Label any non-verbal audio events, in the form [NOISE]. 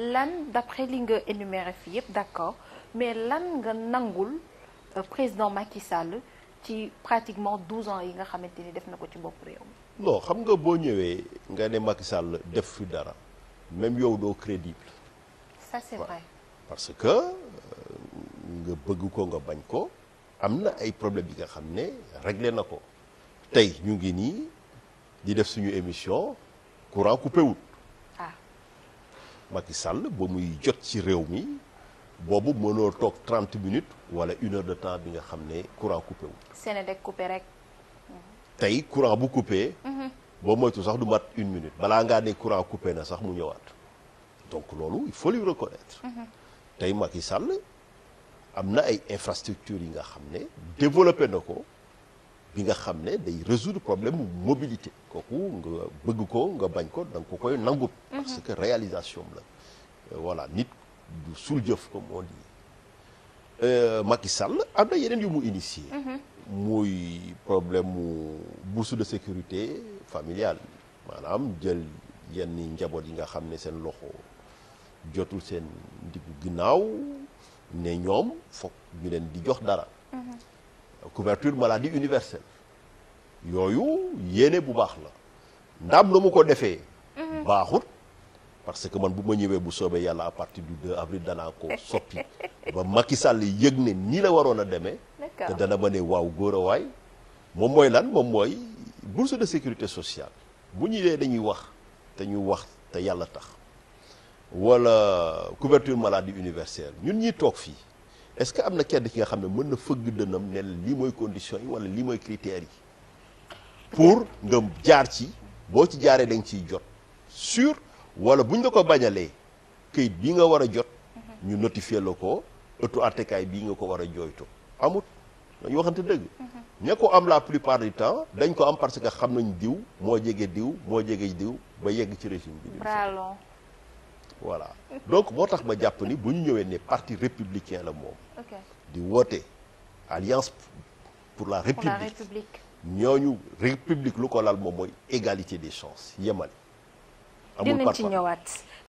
lan d'après li nga énuméré fii yëpp d'accord mais lan nga nangul euh, président Macky Sall ci pratiquement 12 ans yi nga xamante ni def na ko ci bopp réew mi. xam nga boo ñëwee nga ne Macky Sall def fi dara même yow doo crédible. ça c'est vrai parce que euh, nga bëgg ko nga bañ ko am na ay problèmes yi nga xam ne réglé na ko tey ñu ngi nii di def suñu émission courant coupé Macky Sall ba muy jot ci réew mi boobu mënoo toog 30 minutes wala une heure de temps bi nga xam ne courant coupé wu. Sénégal coupé rek. tey courant bu coupé. Mhm. boo moytu sax du mat une minute balaa ngaa ne courant coupé na sax mu ñëwaat donc loolu il faut lui reconnaître mhm. tey Macky Sall am na ay infrastructures yi nga xam ne développé na ko. bi nga xam ne day résoudre problème mobilité kooku nga bëgg ko nga bañ ko da nga ko koy nangul mhm. parce que réalisation la euh, voilà nit du suul jëf ko on dit euh, Macky Sall am na yeneen yu mu initié mhm. muy problème mu bourse de sécurité familiale maanaam jël yenn njaboot yi nga xam ne seen loxo jotul seen ndiggu ginnaaw ne ñoom foog ñu leen di jox dara mhm. couverture maladie universelle yooyu yéene bu baax la ndam na mu ko defee mhm. baaxut parce que man bu ma ñëwee bu soobee yàlla à partir du 2 avril danaa ko soppi [LAUGHS] ba Macky Sall yëg ne nii la waroon a demee te dana ma ne waaw góor a waay moom mooy lan moom mooy bourse de sécurité sociale bu ñu dee dañuy wax te ñu wax te yàlla tax wala couverture maladie universelle ñun ñi toog fii est-ce que am na kenn ki nga xam ne mën na fëgg dënam ne lii mooy conditions yi wala lii mooy critères yi pour nga jaar ci boo ci jaaree da ciy jot sûr wala buñ nga ko bañalee këyit bii nga war a jot ñu notifier la ko ëttu àttekaay bii nga ko war a jooytu amut dañu waxante dëgg mhm. ña ko am la plupart du temps dañ ko am parce que xam nañ diw moo jege diw moo jege diw ba yegg ci régime bi voilà donc boo tax ma jàpp ni bu ñu ñëwee ne parti républicain la moom di woote alliance pour la république ñooñu république lu ko lal moom mooy égalité des chances yemale